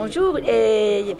Bonjour, et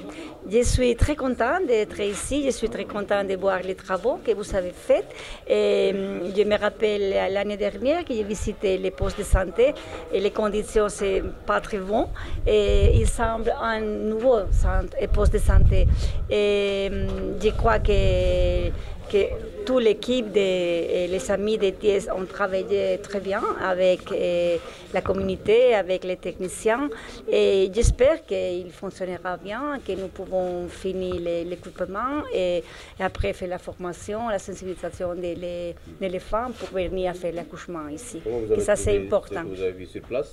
je suis très contente d'être ici, je suis très contente de voir les travaux que vous avez faits. Et mm, je me rappelle l'année dernière que j'ai visité les postes de santé et les conditions, c'est pas très bon. Et il semble un nouveau centre et poste de santé. Et mm, je crois que, que toute l'équipe, les amis de Thiès ont travaillé très bien avec euh, la communauté, avec les techniciens. Et j'espère qu'il fonctionnera bien, que nous pouvons finir l'équipement et, et, après faire la formation, la sensibilisation des les, des les femmes pour venir faire l'accouchement ici. Et ça, c'est important. vous avez vu sur place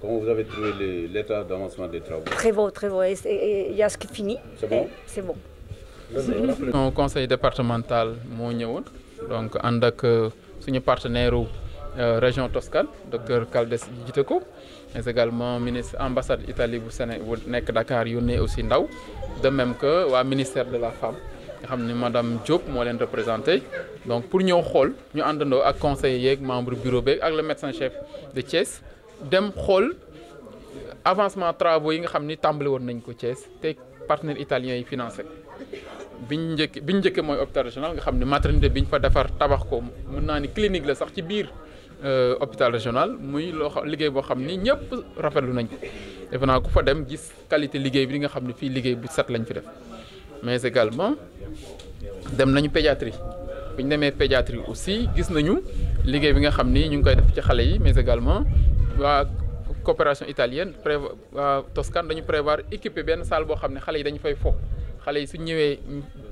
Comment vous avez trouvé l'état d'avancement des travaux Très beau, très beau. Il y a ce qui finit. C'est bon C'est bon. non conseil départemental moo ñëwoon donc ànd ak euh, suñu partenaire euh, région Toscane docteur Caldes jite ko mais également ministre ambassade Italie bu Séné bu nekk Dakar ne aussi ndaw de même que waa ministère de la femme nga xam ne madame Diop moo leen représenté donc pour ñëw xool ñu àndandoo ak conseillers yeeg membre bureau beeg ak le médecin chef de Thiès dem xool avancement travaux yi nga xam ni tàmbaliwoon nañ ko Thiès te partenaires italiens yi financé. biñ njëkk biñ njëkk mooy hôpital régional nga xam ne maternité biñ fa defar tabax ko mën naa ni clinique la sax ci biir euh, hôpital régional muy loo xam liggéey boo xam ni ñëpp rafetlu nañ ko defe naa ku fa dem gis qualité liggéey bi nga xam ne fii liggéey bu set lañ fi def mais également dem nañu pédiatrie bi ñu demee pédiatrie aussi gis nañu liggéey bi nga xam ni ñu ngi koy def ci xale yi mais également waa coopération italienne prévoir waa Toscane dañu prévoir équiper benn salle boo xam ne xale yi dañu fay fo. xale yi suñ ñëwee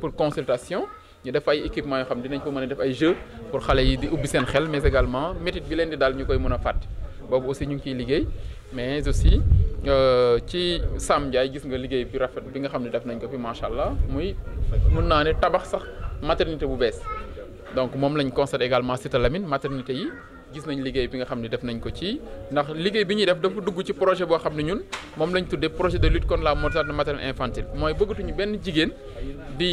pour consultation ñu def ay équipement yoo xam dinañ ko mën a def ay jeux pour xale yi di ubbi seen xel mais également métit bi leen di daal ñu koy mën a fàtte boobu aussi ñu ngi ciy liggéey mais aussi euh, ci Sam Ndiaye gis nga liggéey bi rafet bi nga xam ne def nañ ko fi macha allah muy mun naa ne tabax sax maternité bu bees donc moom lañ constaté également Cité Lamine maternité yi gis nañ liggéey bi nga xam ne def nañ ko ci ndax liggéey bi ñuy def dafa dugg ci projet boo xam ne ñun moom lañ tuddee projet de lutte contre la mortalité maternelle infantile mooy bëggatuñu benn jigéen di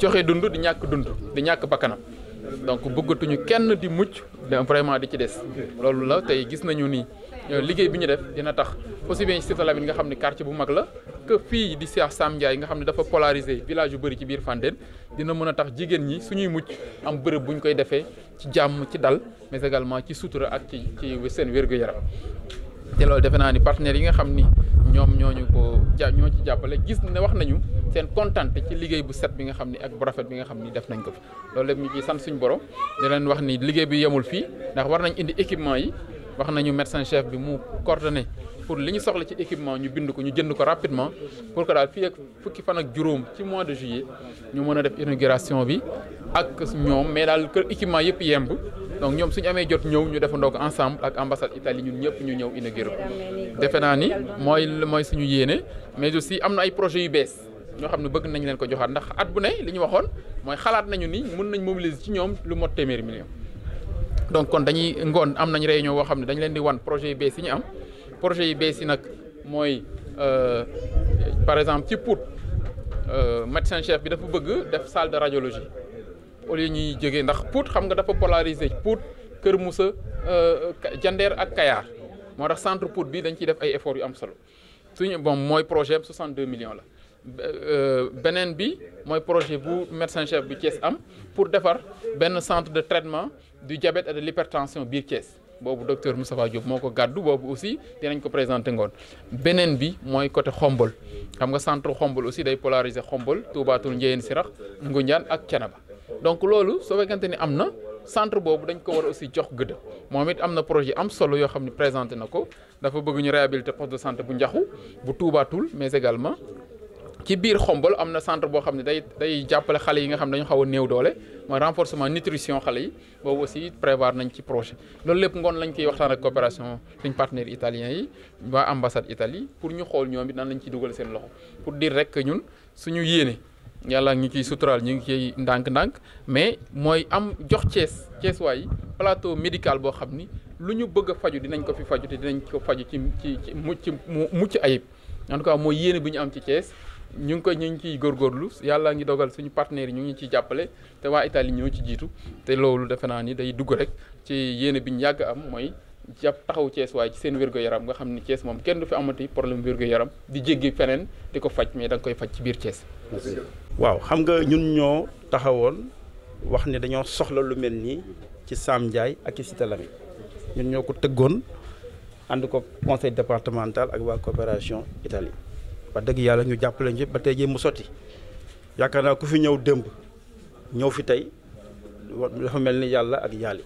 joxe dund di ñàkk dund di ñàkk bakkanam donc bëggatuñu kenn di mucc vraiment di ci des loolu la tey gis nañu ni euh, liggéey bi ñu def dina tax aussi bien ci Cité Lamy nga xam ni quartier bu mag la que fii di Cheikh Sam Ndiaye nga xam ne dafa polariser village yu bëri ci biir Fandène dina mën a tax jigéen ñi suñuy mucc am bërëb bu ñu koy defee ci jàmm ci dal mais également ci sutura ak ci ci seen wér-gu-yaram te loolu defe naa ni partenaires yi nga xam ni ñoom ñoo ñu ko ja ñoo ci jàppale gis ne wax nañu seen kontaan ci liggéey bu set bi nga xam ni ak bu rafet bi nga xam ni def nañ ko fi. loolu lépp ñu ciy sant suñu borom di leen wax ni liggéey bi yemul fii ndax war nañ indi équipement yi wax nañu médecin chef bi mu coordonné. pour li ñu soxla ci équipement ñu bind ko ñu jënd ko rapidement pour que daal fii ak fukki fan ak juróom ci mois de juillet ñu mën a def inauguration bi ak ñoom mais daal équipement yëpp yemb donc ñoom suñu amee jot ñëw ñu defandoo ko ensemble ak ambassade Italie ñun ñëpp ñu ñëw inauguré ko defe naa ni mooy mooy suñu yéene mais aussi am na ay projets yu bees ñoo xam ne bëgg nañ leen ko joxaat ndax at bu ne li ñu waxoon mooy xalaat nañu ni mën nañ mobiliser ci ñoom lu mot téeméeri million donc kon dañuy ngoon am nañ réunion boo xam ne dañ leen di wan projet yu bees yi ñu am projets yu bees yi nag mooy euh, par exemple ci Pout euh, médecin chef bi dafa bëgg def salle de au lieu ñuy jógee ndax Pout xam nga dafa polariser Pout Kër Moussa Jandeer euh, ak Kayar moo tax centre Pout bi dañ ciy def ay efforts yu am solo suñu bon mooy projet 62 millions la euh, beneen bi mooy projet bu médecin bu cees am pour defar benn centre de traitement du diabète et de l'hypertension biir Thiès boobu docteur Moustapha Diop moo ko gàddu boobu aussi dinañ ko présenté ngoon beneen bi mooy côté Xombol xam nga centre Xombol aussi day polariser Xombol Toubatul Ndiéyeen Sirax Ngunjaan ak Thiénaba donc loolu soo fekkante ni am na centre boobu dañ ko war aussi jox gëdd moom it am na projet am solo yoo xam ne présenté na ko dafa bëgg ñu réhabiliter poste de santé bu njaxu bu tuubaatul mais également ci biir xombal am na centre boo xam ne day day jàppale xale yi nga xam ne dañu xaw a néew doole mooy renforcement nutrition xale yi boobu aussi prévoir nañ ci projet loolu lépp ngoon lañ koy waxtaan ak coopération suñ partenaires italien yi waa ambassade Italie pour ñu xool ñoom it nan ciy dugal seen loxo pour dire rek ñun suñu yéene. yàlla ñu ciy suturaal ñu ngi ciy ndànk-ndànk mais mooy am jox Cees Ceesuwaay yi plateau médical boo xam ni lu ñu bëgg a faju dinañ ko fi faju te dinañ ko faju ci ci ci mucc mucc ayib en tout cas mooy yéene ñu am ci Cees ñu ngi koy ñu ngi ciy góorgóorlu yàlla ngi dogal suñu partenaires yi ñu ngi ciy jàppale te waa Italie ñoo ci jiitu te loolu defe naa ni day dugg rek ci yéene bi ñu yàgg am mooy jàpp taxaw Cees waaye ci seen wérgu-yaram nga xam ni Cees moom kenn du fi amati problème wérgu-yaram di jéggi feneen di ko faj mais danga koy faj ci biir Cees waaw xam nga ñun ñoo taxawoon wax ne dañoo soxla lu mel nii ci Sam Ndiaye ak ci Cité ñun ñoo ko tëggoon ànd ko conseil départemental ak waa coopération Italie ba dëgg yàlla ñu jàppale ñu ba tey jii mu sotti yaakaar naa ku fi ñëw démb ñëw fi tey dafa mel ni yàlla ak yàlli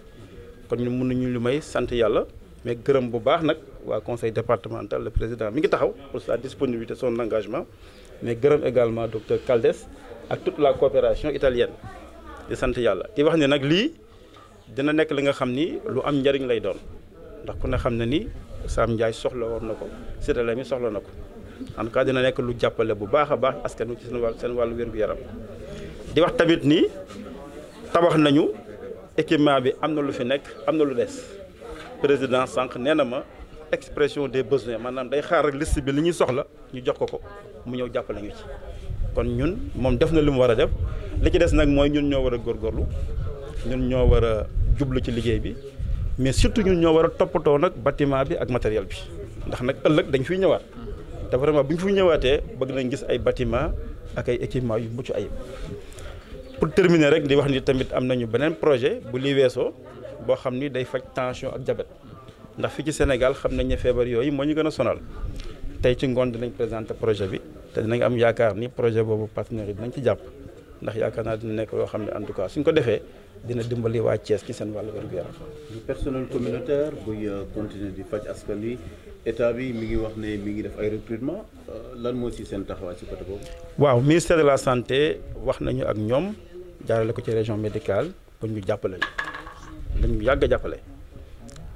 kon ñu mën nañu lu may sant yàlla mais gërëm bu baax nag waa conseil départemental le président mi ngi taxaw pour sa disponibilité son engagement mais gërëm également docteur Caldes ak toute la coopération italienne di sant yàlla di wax ne nag lii dina nekk li nga xam ni lu am njariñ lay doon ndax ku ne xam na ni Sam Ndiaye soxla war na ko Cetala mi soxla na ko xam tout cas dina nekk lu jàppale bu baax a baax askan wi ci seen wàll seen wàllu wér-gu-yaram di wax tamit nii tabax nañu équipement bi am na lu fi nekk am na lu des président sànq nee na ma. expression des besoins maanaam day xaar rek liste bi li ñuy soxla ñu jox ko ko mu ñëw jàppale ñu ci kon ñun moom def na li mu war a def li ci des nag mooy ñun ñoo war a góorgóorlu ñun ñoo war a jublu ci liggéey bi mais surtout ñun ñoo war a toppatoo nag bâtiment bi ak matériel bi ndax nag ëllëg dañu fiy ñëwaat te vraiment bu ñu fiy ñëwaatee bëgg nañ gis ay bâtiment ak ay équipement yu mucc ayib pour terminer rek di wax ni tamit am nañu beneen projet bu li weesoo boo xam ni day faj tension ak diabète ndax fii ci Sénégal xam nañ ne feebar yooyu moo ñu gën a sonal tey ci ngoon dinañ présenter projet bi te dinañ am yaakaar ni projet boobu partenaires yi dinañ ci jàpp ndax yaakaar naa dina nekk loo xam ne en tout cas suñ ko defee dina dimbali waa Thiès ci seen wàllu wér-gu-yaram. personnel communautaire buy euh, continuer di faj askan wi état bi mi ngi wax ne mi ngi def ay recrutement euh, lan moo ci seen taxawaay ci côté boobu. waaw ministère de la santé wax nañu ak ñoom jaarale ko ci région médical pour ñu jàppale ñu dañu yàgg a jàppale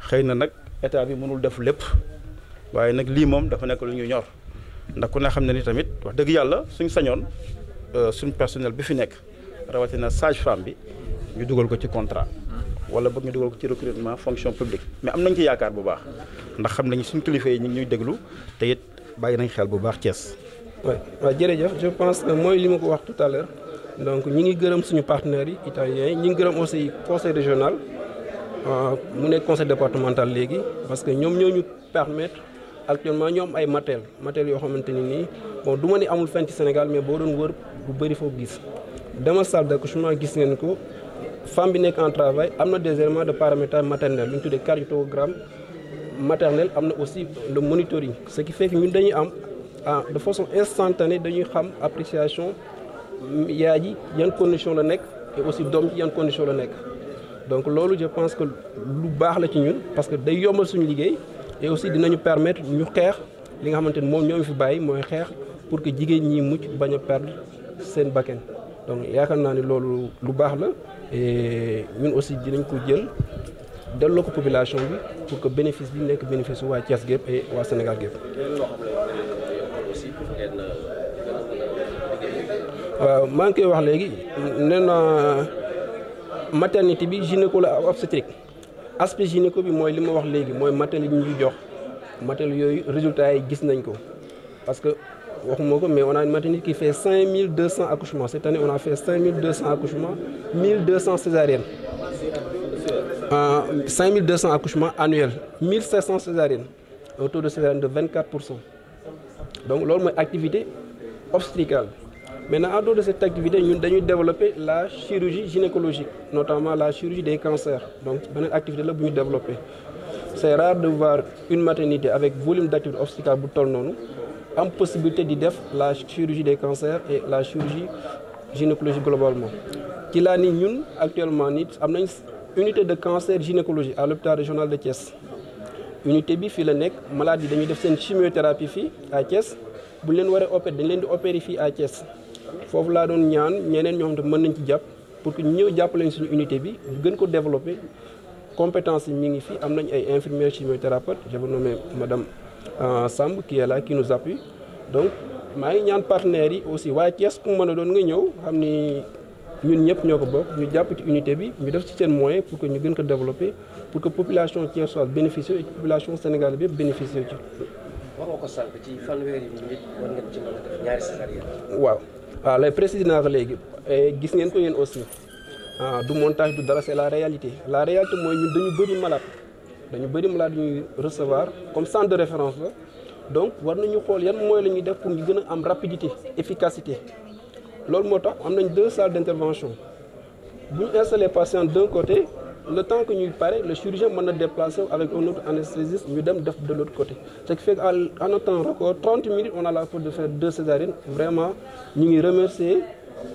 xëy na nag. état bi mënul def lépp waaye nag lii moom dafa nekk lu ñu ñor ndax ku ne xam ne ni tamit wax dëgg yàlla suñ sañoon euh, suñ personnel bi fi nekk rawatina sage femme bi ñu dugal ko ci contrat wala boog ñu dugal ko ci recrutement fonction publique mais am nañ ci yaakaar bu baax ndax xam nañ suñ kilifa yi ñu ngi ñuy déglu te it bàyyi nañ xel bu baax Thiès. waaw jërëjëf je pense que mooy li ma ko wax tout à l'heure donc ñi ngi gërëm suñu partenaires yi italiens yi ñi ngi gërëm aussi Euh, mu nekk conseil départemental léegi parce que ñoom ñoo ñu permettre actuellement ñoo ñoom ay matériel matériel yoo xamante ni nii bon du ma ni amul fenn ci Sénégal mais boo doon wër bu bëri foo gis demal salle d'accouchement gis ngeen ko femme bi nekk en travail am na des éléments de paramétrage maternel lu ñu tuddee cardiogramme maternel am na aussi le monitoring ce qui fait que ñun dañuy am ah de façon instantanée dañuy xam appréciation yaay ji yan condition la nekk et aussi doom yan condition la nekk donc loolu je pense que lu baax la ci ñun parce que day yombal suñu liggéey et aussi dinañu permettre ñu xeex li nga xamante ni moom ñoo fi bàyyi mooy xeex pour que jigéen ñi mucc bañ a perdre seen bakkan donc yaakaar naa ne loolu lu baax la et ñun aussi dinañ ko jël delloo ko population bi pour que bénéfice bi nekk bénéfice waa Thiès gépp waa Sénégal gépp waaw maa ngi koy wax léegi nee maternité bi gynéco la obstétrique aspect gynéco bi mooy li ma wax léegi mooy matériel yi ñuy jox matériel yooyu résultat yi gis nañ ko parce que waxuma ko mais on a une maternité fait cinq mille deux cent accouchements cette année on a fait cinq mille deux cent accouchements mille deux cent césariennes euh, cent accouchements annuels mille cinq cent césariennes un taux de césarienne de vingt quatre pour cent donc loolu mooy activité obstétricale Maintenant, en dehors de cette activité, nous avons développé la chirurgie gynécologique, notamment la chirurgie des cancers. Donc, une activité là nous développer. C'est rare de voir une maternité avec volume d'activité obstétricale am possibilité di def la chirurgie des cancers et la chirurgie gynécologique globalement. Qui nit ñun actuellement, nit am une unité de cancer gynécologie à l'hôpital régional de Thiès. unité bi fii la nekk malade yi dañuy def seen chimiothérapie fii à Thiès bu leen waree opérer dañ leen di opérer fii à Thiès. foofu laa doon ñaan ñeneen ñoo xam te mën nañ ci jàpp pour que ñu ñëw jàppale suñu unité bi ñu gën ko développer compétence yi ñu ngi fii am nañ ay infirmières chimiothérapeutes je ma dem madame euh, Samb qui est là qui nous appuie donc maa ngi ñaan partenaires yi aussi waaye Thiès ku mën a doon nga ñëw xam ni ñun ñëpp ñoo ko ba ñu jàpp ci unité bi ñu def ci seen moyen pour que ñu gën ko développer pour que population thiessoise bénéficier et population sénégalaise bi yëpp bénéficier ko sànq ci fanweeri nit yi ngeen waaw. waaw lay préciser naa léegi eh, gis ngeen ko yéen aussi ah du montage du dara c'est la réalité la réalité mooy ñun dañu bëri malade dañu bëri malade ñuy recevoir comme centre de référence la donc war nañu xool yan mooy la def pour ñu gën a am rapidité efficacité loolu moo tax am nañ deux salles d'intervention bu ñu installé patient d'un côté le temps que ñuy pare le chirurgien mën na déplacer avec un autre anesthésiste ñu dem def de l'autre côté ce qui fait qu'en un temps record 30 minutes on a la force de faire deux césariennes vraiment ñu ngi remercier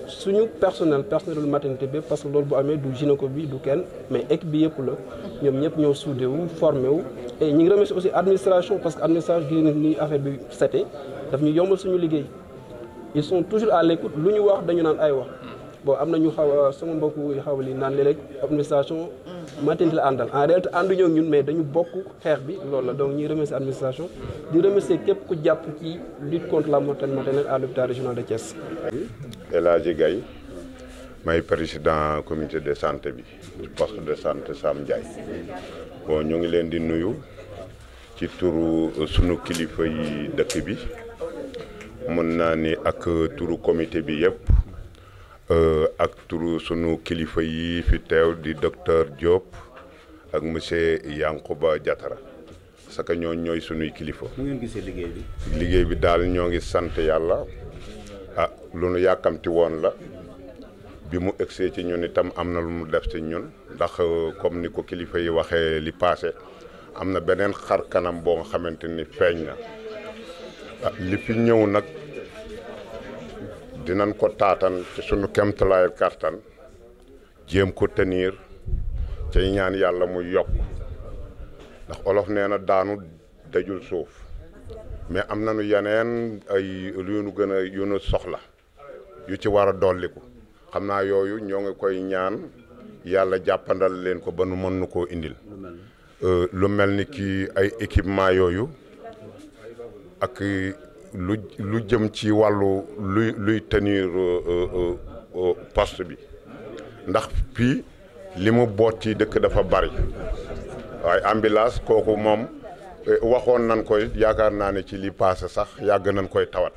suñu personnel personnel maternité bi parce que loolu bu amee du gynéco bi du kenn mais ek bi yëpp la ñoom ñëpp ñoo soudé wu formé ñu ngi remercier aussi administration parce que administration gis na ni affaire bi sete daf ñu yombal suñu liggéey ils sont toujours à l'écoute lu ñu wax dañu naan ay wax bo am na ñu xaw a sama mbokku yu xaw li naan léeg-léeg administration. Mm. matin la àndal en réalité ànduñoo ak ñun mais dañu bokk xeex bi loolu la donc ñuy remercier administration di remercier képp ku jàpp ci lutte contre la mortalité maternelle à l'hôpital régional de Thiès. El Hadji Gaye may président comité de santé bi poste de santé saam Ndiaye bon ñu ngi leen di nuyu ci turu sunu kilifa yi dëkk bi mën naa ni ak turu comité bi yëpp. Euh, ak turu sunu kilifa yi fi teew di docteur Diop ak monsieur Yankuba ba jatara que ñoo ñooy sunuy kilifa. mu liggéey bi. liggéey bi daal ñoo ngi sant yàlla ah lu nu yàkkamti woon la bi mu egsee ci ñun itam am na lu mu def ci ñun ndax euh, comme ni ko kilifa yi waxee li paase am na beneen xar kanam boo nga xamante ni feeñ na ah li fi ñëw nag. dinañ ko taatan ci sunu kemtalaayu kàttan jéem ko tenir ci ñaan yàlla mu yokk ndax olof nee na daanu dajul suuf mais am nañu yeneen ay lu ñu gën a yu ñu soxla yu ci war a dolliku xam naa yooyu ñoo ngi koy ñaan yàlla jàppandal leen ko ba nu mën nu koo indil lu mel ni euh, ki ay équipement yooyu ak lu lu jëm ci wàllu luy luy tenir euh, euh, euh, poste bi ndax fii li mu boot ci dëkk dafa bari waaye ambulance kooku moom eh, waxoon nañ koy yaakaar naa ne ci li paase sax yàgg nañ koy tawat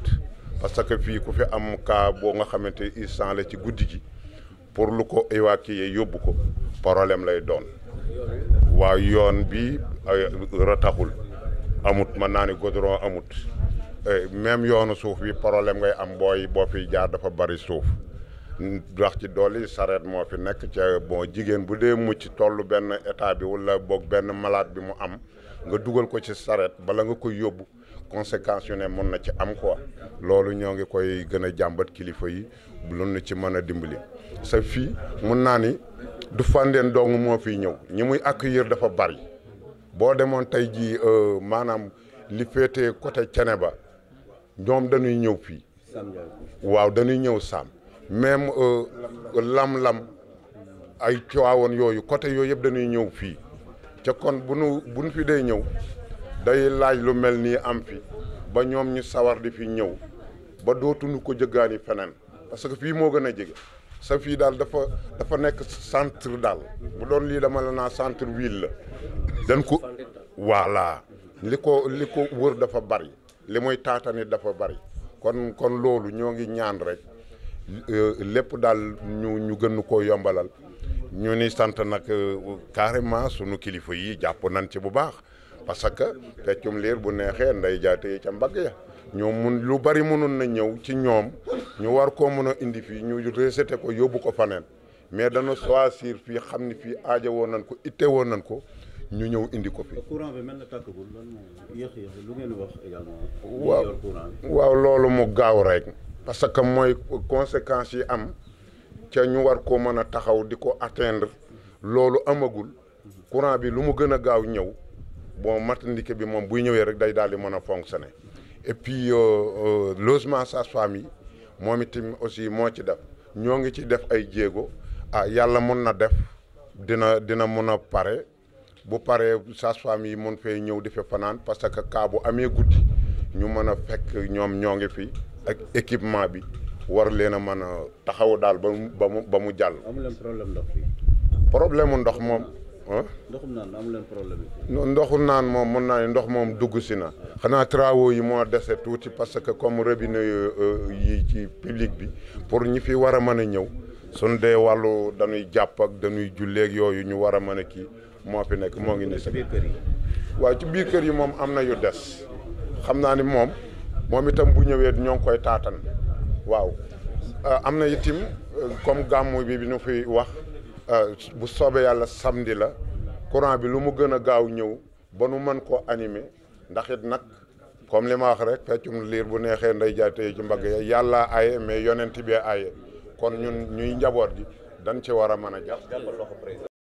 parce que fii ku fi am cas boo nga xamante instant la ci guddi gi pour lu ko évacuer yóbbu ko problème lay doon waa yoon bi rataxul amut mën naa ne goudron amut Eh, même yoonu suuf bi problème ngay am booy boo fiy jaar dafa bari suuf wax ci dolli sareet moo fi nekk ca bon jigéen bu dee mucc tollu benn état bi wala boog benn malaat bi mu am nga dugal ko ci sareet bala nga koy yóbbu conséquence yu ne mën na ci am quoi loolu ñoo ngi koy gën a jàmbat kilifa yi lu nu ci mën a dimbali sa fii mun naa ni du Fandène dong moo fi ñëw ñi muy accueillir dafa bari boo demoon tey jii euh, maanaam li féetee côté Ceneba ñoom dañuy ñëw fii waaw dañuy ñëw saam même euh, lam-lam ay Tiwaawoon yooyu côté yooyu yëpp dañuy ñëw fii ca kon bu nu bu fi dee ñëw day laaj lu mel nii am ba ñoom ñu sawar di fi ñëw ba dootuñu ko jëggaani feneen parce que fii moo gën a jege sa fii daal dafa dafa nekk centre daal bu doon lii dama la naa centre ville la dañ ko voilà li ko li ko wër dafa bari li muy taatani dafa bari kon kon loolu ñoo ngi ñaan rek euh, lépp daal ñu ñu gën koo yombalal ñu ni sant nag euh, carrément sunu kilifa yi jàpp nañ ci bu baax parce que feccum liir bu neexee nday jaate ca mbagg ya ñoom lu bari mënoon na ñëw ci ñoom ñu war ko mun a indi fii ñu rejeté ko yóbbu ko faneen mais dana choisir fii xam ni fii aaja woon nañ ko itte woon nañ ko ñu ñëw indi ko fi. courant bi mel na tàkkagul lu ngeen wax également. waaw loolu mu gaaw rek. parce que mooy conséquences yi am ca ñu war ko mën a taxaw di ko atteindre loolu amagul courant bi lu mu gën a gaaw ñëw bon matandike bi moom buy ñëwee rek day daal di mën a fonctionner et puis euh, euh, logement sage-femme yi moom itam aussi moo ci def ñoo ngi ci def ay jéego ah yàlla mun na def dina dina mun a pare. bu paree sage-femme yi mun fee ñëw di fa fanaan parce que cas bu amee guddi ñu mën a fekk ñoom ñoo ngi fi ak équipement bi war leen a mën a taxaw daal ba mu ba mu ba mu jàll. amu leen problème ndox mu ndox moom. ndoxum naan leen problème bi. ndoxu naan moom mun naa ne ndox moom dugg si na. xanaa travaux yi moo dese tuuti parce que comme robinet euh, yi ci public bi pour ñi fi war a mën a ñëw. suñ dee wàllu dañuy jàpp dañuy julleeg yooyu ñu war a mën a kii. moo fi nekk moo ngi nii si waaw ci biir kër yi moom am na yu des xam naa ni moom moom itam bu ñëwee ñoo ngi koy taatan waaw euh, am na itim euh, comme gàmmu bi bi ñu fi wax euh, bu soobee yàlla samedi la courant bi lu mu gën a gaaw ñëw ba nu mën koo animer ndax it nag comme li ma wax rek feccum liir bu neexee nday jaay tey ci mbagg ya yàllaa aye mais yonent bi aye kon ñun ñuy njaboot gi dañ ci war a mën a jàpp